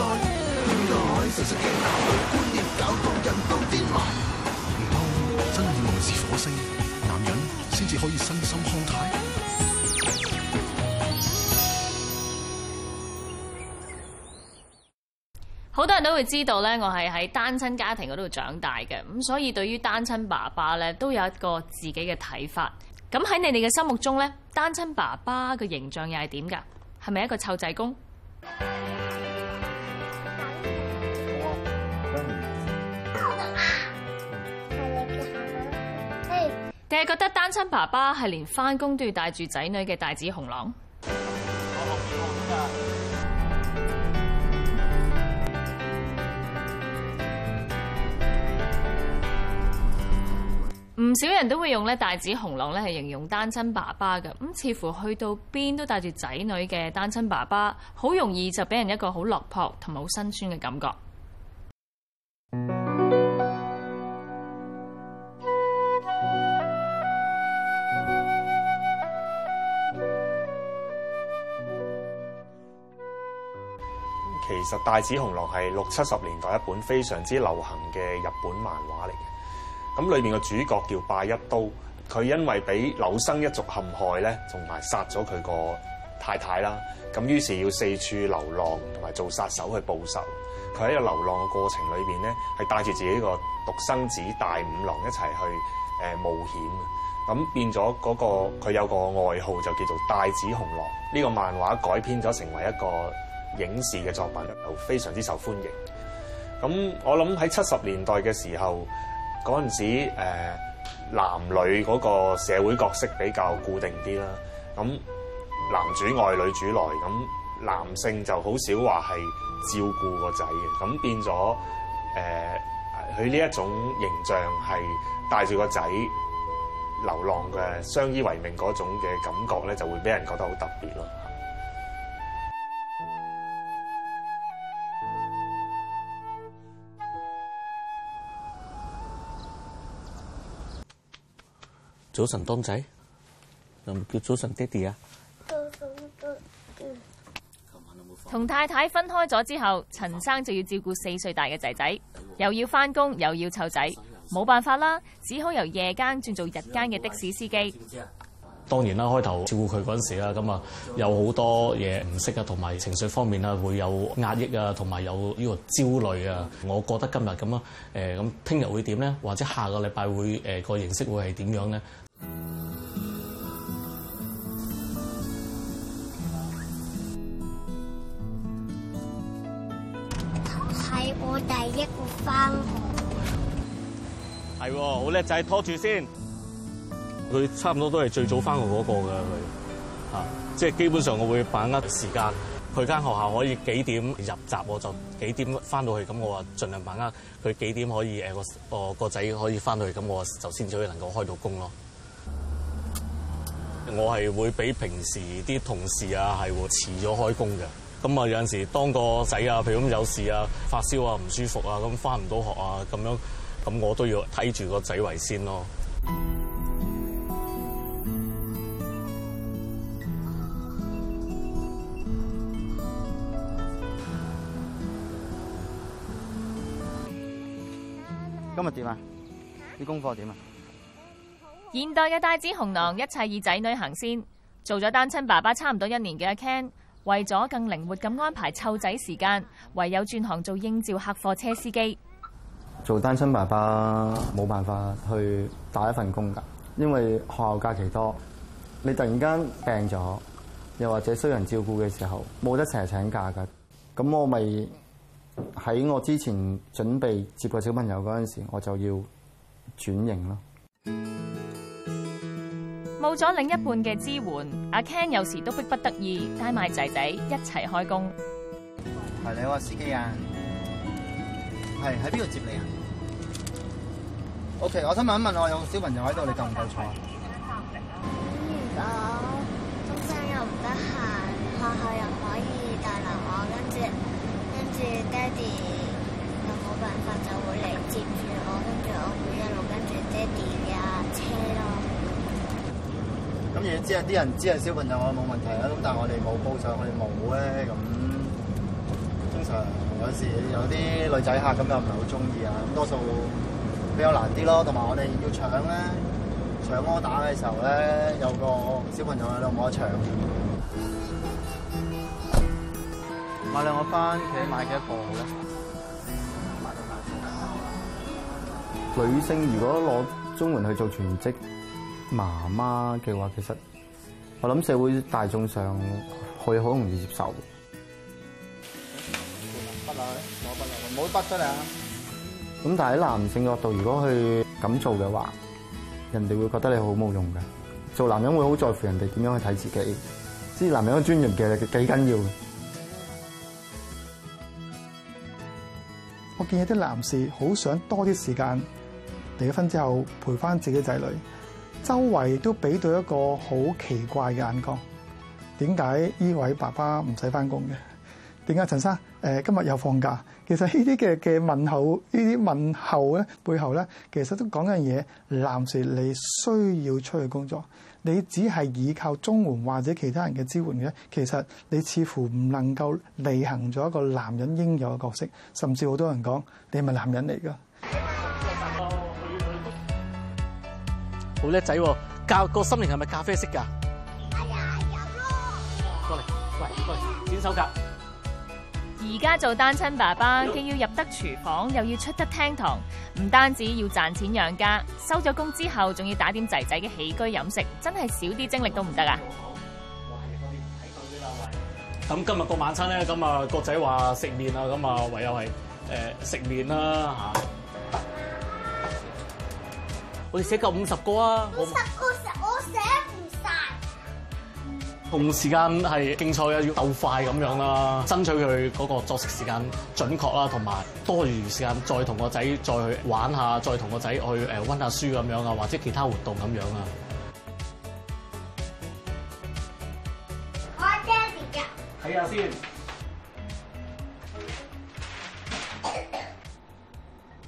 唔通真係要來自火星男人先至可以身心康泰。好多人都會知道咧，我係喺單親家庭嗰度長大嘅，咁所以對於單親爸爸咧，都有一個自己嘅睇法。咁喺你哋嘅心目中咧，單親爸爸嘅形象又係點㗎？係咪一個湊仔公？定係覺得單親爸爸係連返工都要帶住仔女嘅帶子雄狼？唔、oh, oh, oh, oh, oh, oh, oh, oh. 少人都會用咧帶子雄狼咧係形容單親爸爸噶，咁似乎去到邊都帶住仔女嘅單親爸爸，好容易就俾人一個好落魄同埋好辛酸嘅感覺。 其實《帶子雄狼》係六七十年代一本非常之流行嘅日本漫畫嚟嘅。咁裏面嘅主角叫拜一刀，佢因為俾柳生一族陷害咧，同埋殺咗佢個太太啦。咁於是要四處流浪，同埋做殺手去報仇。佢喺個流浪嘅過程裏面咧，係帶住自己個獨生子大五郎一齊去誒冒險。咁變咗嗰個佢有個外號就叫做帶子雄狼。呢個漫畫改編咗成為一個影視嘅作品都非常之受歡迎。咁我諗喺七十年代嘅時候，嗰陣時候，誒，男女嗰個社會角色比較固定啲啦。咁男主外女主內，咁男性就好少話係照顧個仔嘅。咁變咗誒佢呢一種形象係帶住個仔流浪嘅，相依為命嗰種嘅感覺咧，就會俾人覺得好特別咯。早晨，當仔又唔叫早晨爹哋啊？同太太分開咗之後，陳生就要照顧四歲大嘅仔仔，又要返工，又要湊仔，冇辦法啦，只好由夜間轉做日間嘅的，的士司機。當然啦，開頭照顧佢嗰陣時啦，咁啊有好多嘢唔識啊，同埋情緒方面啊，會有壓抑啊，同埋有呢個焦慮啊。我覺得今日咁啊，誒咁聽日會點咧？或者下個禮拜會誒個形式會係點樣咧？係我第一個翻學。係喎，好叻仔，先拖住先。佢差唔多都係最早翻學嗰個嘅，佢、嗯、嚇，即係基本上我會把握時間。佢間學校可以幾點入閘，我就幾點翻到去。咁我話盡量把握佢幾點可以誒個個個仔可以翻到去，咁我就先至可以能夠開到工咯。我係會比平時啲同事啊係會遲咗開工嘅。咁啊有陣時當個仔啊，譬如咁有事啊、發燒啊、唔舒服啊，咁翻唔到學啊，咁樣咁我都要睇住個仔為先咯。今日點啊？啲功課點啊？現代嘅帶子雄狼，一切以仔女行先。做咗單親爸爸差唔多一年嘅阿 Ken，為咗更靈活咁安排湊仔時間，唯有轉行做應召客貨車司機。做單親爸爸冇辦法去打一份工噶，因為學校假期多，你突然間病咗，又或者需要人照顧嘅時候，冇得成日請假噶。咁我咪。喺我之前準備接個小朋友嗰陣時，我就要轉型咯。冇咗另一半嘅支援，阿 Ken 有時都迫不得已帶埋仔仔一齊開工。係你話司機啊？係喺邊度接你啊？OK，我想問一問，我有小朋友喺度，你夠唔夠坐？咁，先生又唔得閒，學校又可以。爹哋又冇辦法，就會嚟接住我，跟住我會一路跟住爹哋架車咯。咁如果知啲人知係小朋友我冇問題啊，咁但係我哋冇包上，我哋冇咧咁。通常有時有啲女仔客咁又唔係好鍾意啊，多數比較難啲咯。同埋我哋要搶咧，搶柯打嘅時候咧，有個小朋友又唔好搶。能買兩個番茄，買幾多磅好,的個好,的個好的。女性如果攞中文去做全職媽媽嘅話，其實我諗社會大眾上去好容易接受。冇筆嚟，我冇筆嚟，冇筆出嚟啊！咁但喺男性角度，如果去咁做嘅話，人哋會覺得你好冇用嘅。做男人會好在乎人哋點樣去睇自己，知男人嘅尊嚴嘅幾緊要的。見有啲男士好想多啲時間離咗婚之後陪翻自己仔女，周圍都俾到一個好奇怪嘅眼光。點解呢位爸爸唔使翻工嘅？點解陳生？誒，今日又放假。其實呢啲嘅嘅問候，呢啲問候咧背後咧，其實都講緊嘢。男士你需要出去工作。你只係依靠綜援或者其他人嘅支援嘅，其實你似乎唔能夠履行咗一個男人應有嘅角色，甚至好多人講你係咪男人嚟㗎？好叻仔、啊，教個心形係咪咖啡色㗎、哎呀，有㗎！過嚟，喂，剪手甲。而家做單親爸爸，既要入得廚房，又要出得廳堂，唔單止要賺錢養家，收咗工之後仲要打點仔仔嘅起居飲食，真係少啲精力都唔得啊！咁今日個晚餐咧，咁啊個仔話食麵啊，咁啊唯有係誒食麵啦吓。呃、 我哋寫夠五十個啊！五十個。同時間係競賽啊，要鬥快咁樣啦，爭取佢嗰個作息時間準確啦，同埋多餘時間再同個仔再去玩下，再同個仔去誒溫下書咁樣啊，或者其他活動咁樣啊。我爹哋啊！睇下先。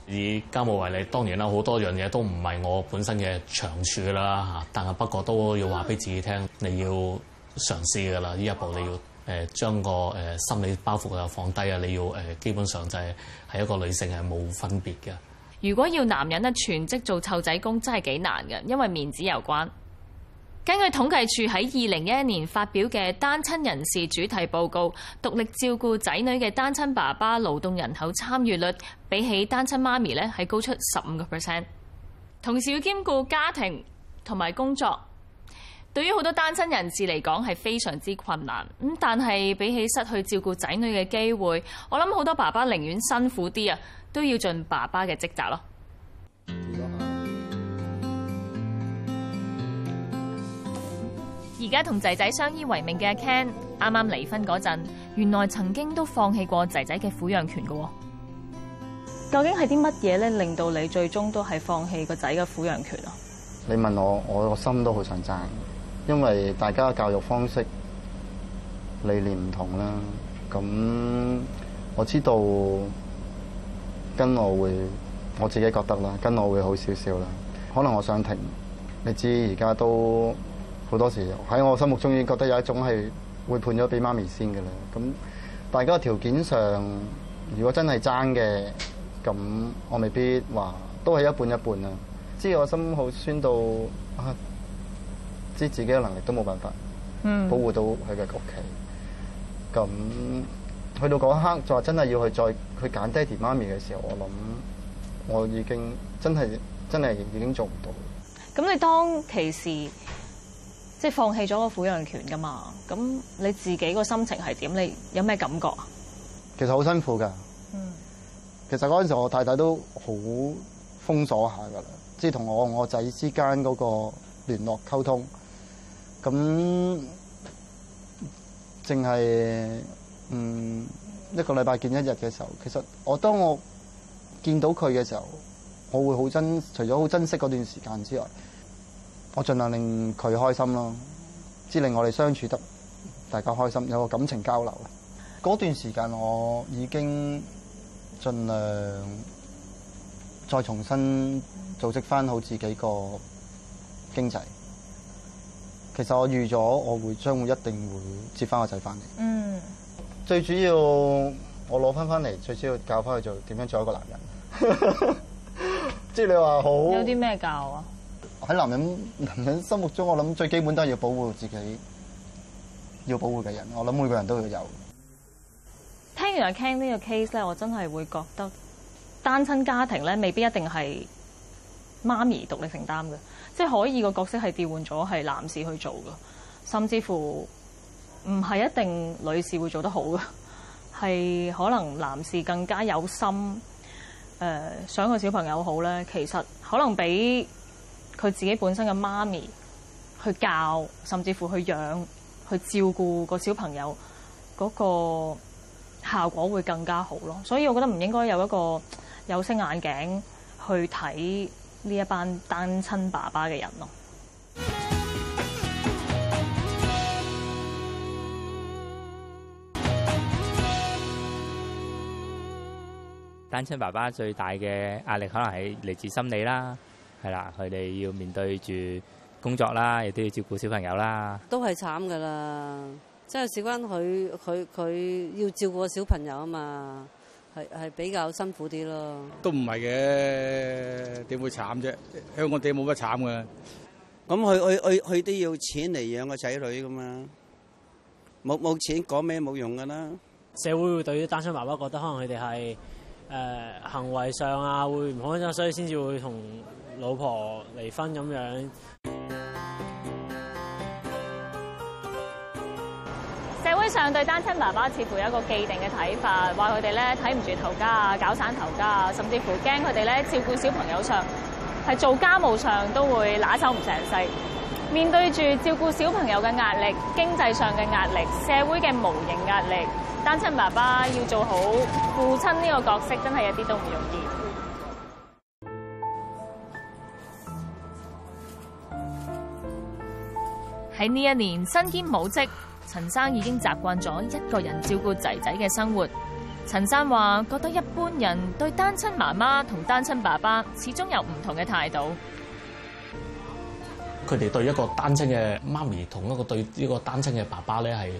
以家務為例，當然啦，好多樣嘢都唔係我本身嘅長處啦嚇，但係不過都要話俾自己聽，你要。嘗試嘅啦，呢一步你要誒、呃、將個誒、呃、心理包袱又放低啊！你要誒、呃、基本上就係係一個女性係冇分別嘅。如果要男人咧全職做湊仔工真係幾難嘅，因為面子有關。根據統計處喺二零一一年發表嘅單親人士主題報告，獨力照顧仔女嘅單親爸爸勞動人口參與率，比起單親媽咪咧係高出十五個 percent。同時要兼顧家庭同埋工作。對於好多單親人士嚟講係非常之困難。咁，但係比起失去照顧仔女嘅機會，我諗好多爸爸寧願辛苦啲啊，都要盡爸爸嘅職責咯。而家同仔仔相依為命嘅 Ken，啱啱離婚嗰陣，原來曾經都放棄過仔仔嘅撫養權嘅。究竟係啲乜嘢咧，令到你最終都係放棄個仔嘅撫養權啊？你問我，我個心都好想爭。因為大家嘅教育方式理念唔同啦，咁我知道跟我會我自己覺得啦，跟我會好少少啦。可能我想停，你知而家都好多時喺我心目中已經覺得有一種係會判咗俾媽咪先嘅啦。咁大家條件上，如果真係爭嘅，咁我未必話都係一半一半啊。知我心好酸到啊～啲自己嘅能力都冇辦法保護到佢嘅屋企。咁、嗯、去到嗰一刻，就話真係要去再去揀爹哋媽咪嘅時候，我諗我已經真係真係已經做唔到。咁你當其時即係放棄咗個撫養權㗎嘛？咁你自己個心情係點，你有咩感覺啊？其實好辛苦㗎。嗯。其實嗰陣時，我太太都好封鎖下㗎啦，即係同我我仔之間嗰個聯絡溝通。咁淨係，嗯，一個禮拜見一日嘅時候，其實我當我見到佢嘅時候，我會好珍除咗好珍惜嗰段時間之外，我盡量令佢開心咯，至令我哋相處得大家開心，有個感情交流。嗰段時間，我已經盡量再重新組織翻好自己個經濟。其實我預咗，我會將會一定會接翻個仔翻嚟。嗯，最主要我攞翻翻嚟，最主要教翻佢做點樣做一個男人。即係你話好。有啲咩教啊？喺男人男人心目中，我諗最基本都係要保護自己，要保護嘅人。我諗每個人都會有。聽完阿 Ken 呢個 case 咧，我真係會覺得單親家庭咧，未必一定係媽咪獨力承擔嘅。即係可以個角色係調換咗係男士去做嘅，甚至乎唔係一定女士會做得好嘅，係可能男士更加有心，誒、呃、想個小朋友好咧，其實可能比佢自己本身嘅媽咪去教，甚至乎去養去照顧個小朋友嗰，那個效果會更加好咯。所以我覺得唔應該有一個有色眼鏡去睇。呢一班單親爸爸嘅人咯，單親爸爸最大嘅壓力可能係嚟自心理啦，係啦，佢哋要面對住工作啦，亦都要照顧小朋友啦，都係慘噶啦，即係事關佢佢佢要照顧小朋友啊嘛。係係比較辛苦啲咯，都唔係嘅，點會慘啫？香港地冇乜慘噶，咁佢佢佢佢都要錢嚟養個仔女噶嘛，冇冇錢講咩冇用噶啦。社會會對於單身爸爸覺得可能佢哋係誒，行為上啊會唔開心，所以先至會同老婆離婚咁樣。上對單親爸爸似乎有一個既定嘅睇法，話佢哋咧睇唔住頭家啊，搞散頭家啊，甚至乎驚佢哋咧照顧小朋友上，係做家務上都會拿手唔成世。面對住照顧小朋友嘅壓力、經濟上嘅壓力、社會嘅無形壓力，單親爸爸要做好父親呢個角色，真係一啲都唔容易。喺呢一年身兼母職。陳生已經習慣咗一個人照顧仔仔嘅生活。陳生話，覺得一般人對單親媽媽同單親爸爸始終有唔同嘅態度。佢哋對一個單親嘅媽咪同一個對呢個單親嘅爸爸咧，係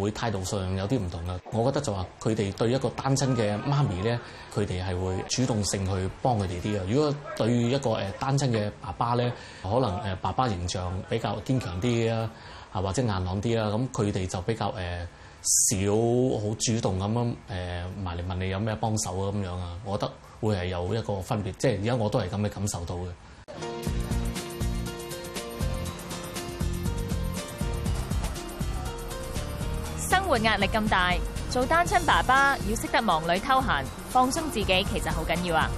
會態度上有啲唔同嘅。我覺得就話佢哋對一個單親嘅媽咪咧，佢哋係會主動性去幫佢哋啲嘅。如果對一個誒單親嘅爸爸咧，可能誒爸爸形象比較堅強啲啊。啊，或者硬朗啲啦，咁佢哋就比較誒少好主動咁樣誒埋嚟問你有咩幫手啊咁樣啊，我覺得會係有一個分別，即係而家我都係咁嘅感受到嘅。生活壓力咁大，做單親爸爸要識得忙裡偷閒，放鬆自己其實好緊要啊！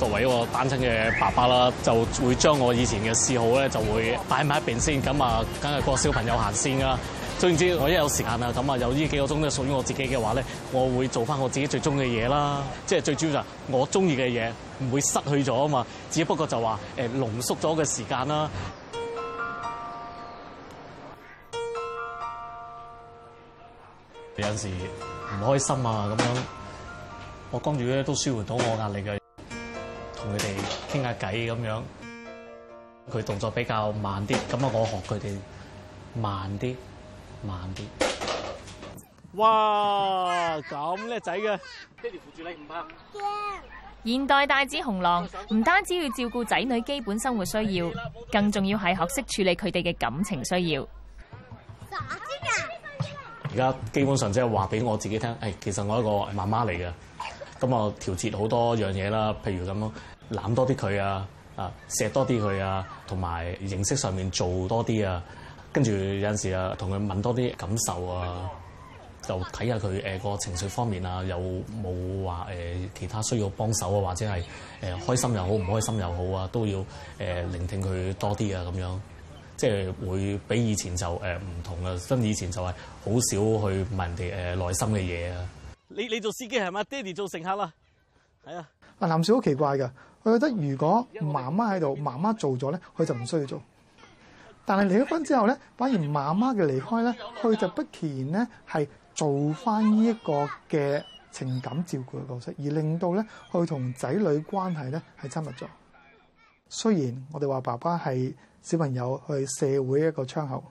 作為一個單親嘅爸爸啦，就會將我以前嘅嗜好咧，就會擺埋一邊先。咁啊，梗係個小朋友行先啦。總言之，我一有時間啊，咁啊，有呢幾個鐘都屬於我自己嘅話咧，我會做翻我自己最中意嘅嘢啦。即係最主要就係我中意嘅嘢，唔會失去咗啊嘛。只不過就話誒、欸、濃縮咗嘅時間啦。 有時唔開心啊，咁樣我跟住咧都舒緩到我的壓力嘅。佢哋傾下偈咁樣，佢動作比較慢啲，咁啊我學佢哋慢啲，慢啲。哇，咁叻仔嘅！爹哋扶住你唔怕驚！現代帶子雄狼唔單止要照顧仔女基本生活需要，更重要係學識處理佢哋嘅感情需要。而家基本上即係話俾我自己聽，誒、哎，其實我一個媽媽嚟嘅，咁啊調節好多樣嘢啦，譬如咁咯。攬多啲佢啊！啊，錫多啲佢啊，同埋認識上面做多啲啊，啊。跟住有陣時啊，同佢問多啲感受啊，就睇下佢誒、呃、個情緒方面啊，有冇話、呃、其他需要幫手啊，或者係誒、呃、開心又好，唔開心又好啊，都要、呃、聆聽佢多啲啊，咁樣即係會比以前就唔、呃、同啦、啊。咁以前就係好少去問人哋誒、呃、內心嘅嘢啊。你你做司機係咪爹哋做乘客啦，係啊。啊，男士好奇怪㗎～佢覺得如果媽媽喺度，媽媽做咗呢，佢就唔需要做。但係離咗婚之後呢，反而媽媽嘅離開呢，佢就不其然呢係做翻呢一個嘅情感照顧嘅角色，而令到呢，佢同仔女關係呢係親密咗。雖然我哋話爸爸係小朋友去社會一個窗口，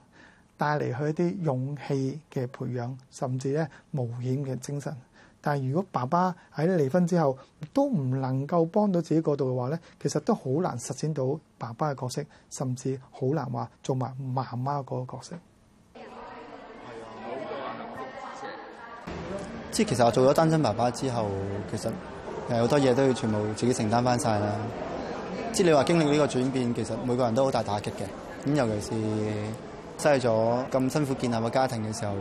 帶嚟佢一啲勇氣嘅培養，甚至呢冒險嘅精神。但係如果爸爸喺你離婚之後都唔能夠幫到自己嗰度嘅話咧，其實都好難實踐到爸爸嘅角色，甚至好難話做埋媽媽嗰個角色。即係其實我做咗單親爸爸之後，其實誒好多嘢都要全部自己承擔翻晒啦。即係你話經歷呢個轉變，其實每個人都好大打擊嘅。咁尤其是失去咗咁辛苦建立嘅家庭嘅時候。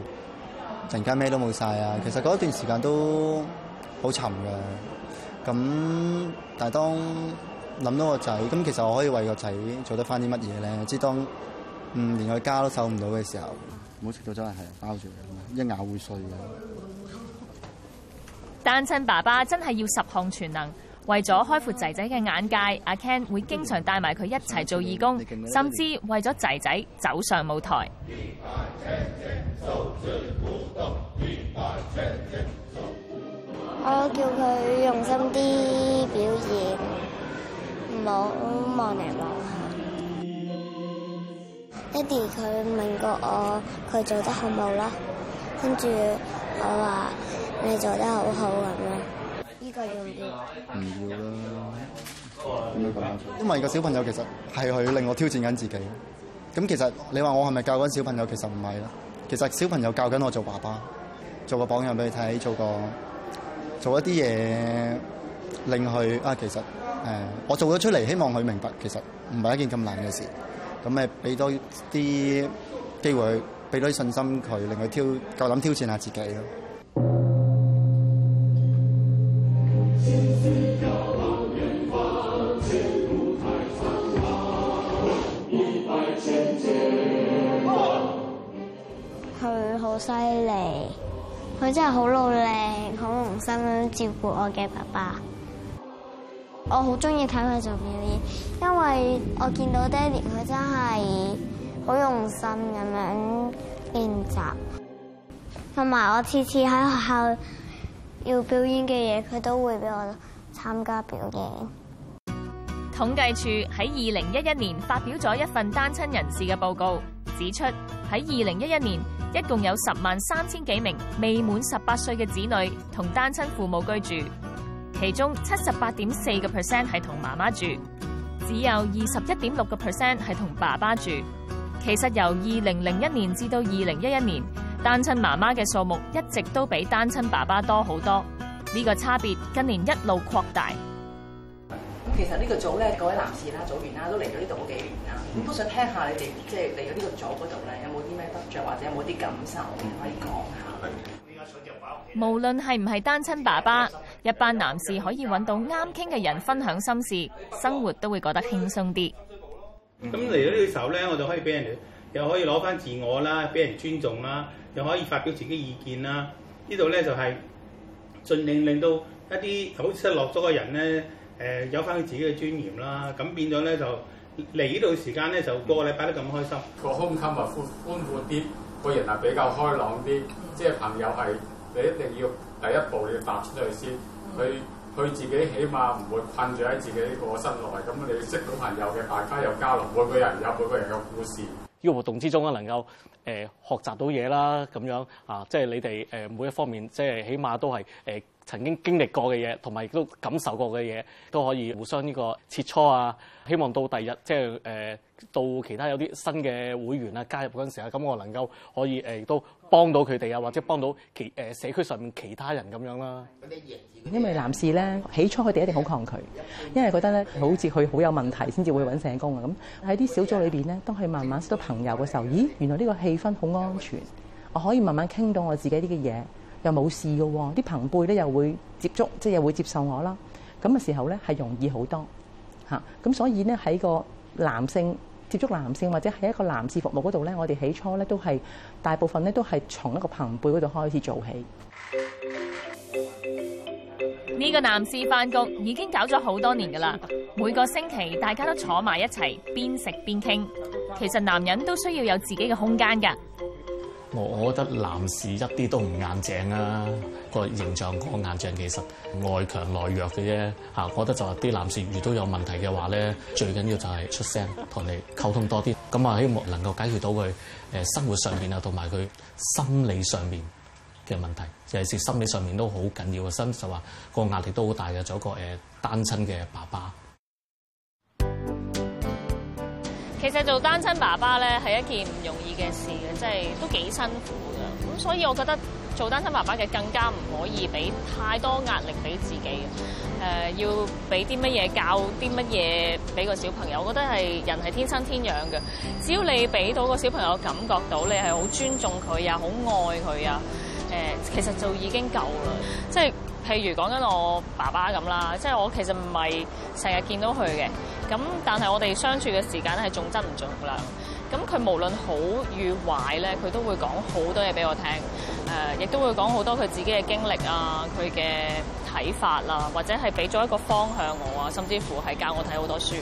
陣間咩都冇晒啊！其實嗰段時間都好沉嘅，咁但係當諗到個仔，咁其實我可以為個仔做得返啲乜嘢咧？即係當嗯連個家都守唔到嘅時候，唔好食到真係係人包住嘅，一咬會碎嘅。單親爸爸真係要十項全能。為咗開闊仔仔嘅眼界，阿 Ken 會經常帶埋佢一齊做義工，甚至為咗仔仔走上舞台。我叫佢用心啲表演，唔好望嚟望下。爹哋佢問過我，佢做得好唔好啦，跟住我話你做得好好咁樣。唔要啦，因為個小朋友其實係佢令我挑戰緊自己的。咁其實你話我係咪教緊小朋友？其實唔係啦，其實小朋友教緊我做爸爸，做個榜樣俾你睇，做個做一啲嘢令佢啊，其實誒、嗯，我做咗出嚟，希望佢明白，其實唔係一件咁難嘅事。咁咪俾多啲機會佢，俾多啲信心佢，令佢挑夠膽挑戰下自己咯。佢好犀利，佢真係好努力、好用心咁照顧我嘅爸爸。我好中意睇佢做表演，因為我見到爹哋佢真係好用心咁樣練習，同埋我次次喺學校要表演嘅嘢，佢都會俾我。參加表演。統計處喺二零一一年發表咗一份單親人士嘅報告，指出喺二零一一年，一共有十萬三千幾名未滿十八歲嘅子女同單親父母居住，其中七十八點四個 percent 係同媽媽住，只有二十一點六個 percent 係同爸爸住。其實由二零零一年至到二零一一年，單親媽媽嘅數目一直都比單親爸爸多好多。呢、這個差別近年一路擴大。咁其實呢個組咧，各位男士啦、組員啦，都嚟咗呢度好幾年啦，咁、嗯、都想聽一下你哋即係嚟咗呢個組嗰度咧，有冇啲咩得着，或者有冇啲感受，可以講下、嗯。無論係唔係單親爸爸，一班男士可以揾到啱傾嘅人分享心事，生活都會覺得輕鬆啲。咁嚟到呢個時候咧，我就可以俾人哋又可以攞翻自我啦，俾人尊重啦，又可以發表自己的意見啦。呢度咧就係、是。盡令令到一啲好失落咗嘅人咧，誒有返佢自己嘅尊嚴啦。咁變咗咧就嚟呢度時間咧，就個個禮拜都咁開心，個胸襟啊寬寬闊啲，個人啊比較開朗啲。即係朋友係你一定要第一步你要踏出去先，佢佢自己起碼唔會困住喺自己個身內。咁你識到朋友嘅大家又交流，每個人有每個人嘅故事。呢、這個活動之中啊，能夠誒、呃、學習到嘢啦，咁樣啊，即係你哋誒、呃、每一方面，即係起碼都係誒。呃曾經經歷過嘅嘢，同埋亦都感受過嘅嘢，都可以互相呢個切磋啊！希望到第日，即係誒、呃、到其他有啲新嘅會員啊加入嗰陣時啊，咁我能夠可以誒、呃、都幫到佢哋啊，或者幫到其誒、呃、社區上面其他人咁樣啦、啊。因為男士咧，起初佢哋一定好抗拒，因為覺得咧好似佢好有問題先至會搵社工啊。咁喺啲小組裏邊咧，當佢慢慢識到朋友嘅時候，咦，原來呢個氣氛好安全，我可以慢慢傾到我自己啲嘅嘢。又冇事噶，啲朋輩咧又會接觸，即係又會接受我啦。咁嘅時候咧，係容易好多吓。咁所以咧喺個男性接觸男性或者喺一個男士服務嗰度咧，我哋起初咧都係大部分咧都係從一個朋輩嗰度開始做起。呢、這個男士飯局已經搞咗好多年噶啦，每個星期大家都坐埋一齊，邊食邊傾。其實男人都需要有自己嘅空間噶。我我覺得男士一啲都唔硬淨啊，個形象個硬淨其實外強內弱嘅啫嚇。我覺得就係啲男士遇到有問題嘅話咧，最緊要就係出聲同你溝通多啲，咁啊希望能夠解決到佢生活上面啊同埋佢心理上面嘅問題，尤其是心理上面都好緊要嘅，身就話個壓力都好大嘅，仲有個誒單親嘅爸爸。其實做單親爸爸咧係一件唔容易嘅事嘅，即係都幾辛苦㗎。咁所以我覺得做單親爸爸嘅更加唔可以俾太多壓力俾自己嘅。誒、呃，要俾啲乜嘢教啲乜嘢俾個小朋友，我覺得係人係天生天養嘅。只要你俾到個小朋友感覺到你係好尊重佢啊，好愛佢啊，誒、呃，其實就已經夠啦。即係譬如講緊我爸爸咁啦，即係我其實唔係成日見到佢嘅。咁，但係我哋相處嘅時間係重質唔重量。咁佢無論好與壞咧，佢都會講好多嘢俾我聽。誒，亦都會講好多佢自己嘅經歷啊，佢嘅睇法啦，或者係俾咗一個方向我啊，甚至乎係教我睇好多書。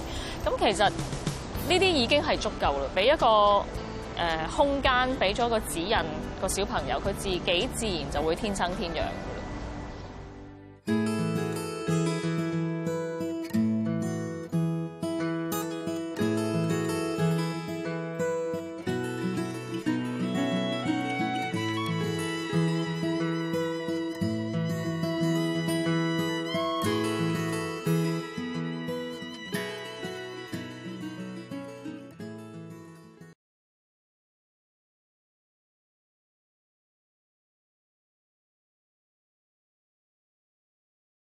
咁其實呢啲已經係足夠啦，俾一個誒空間，俾咗個指引個小朋友，佢自己自然就會天生天養。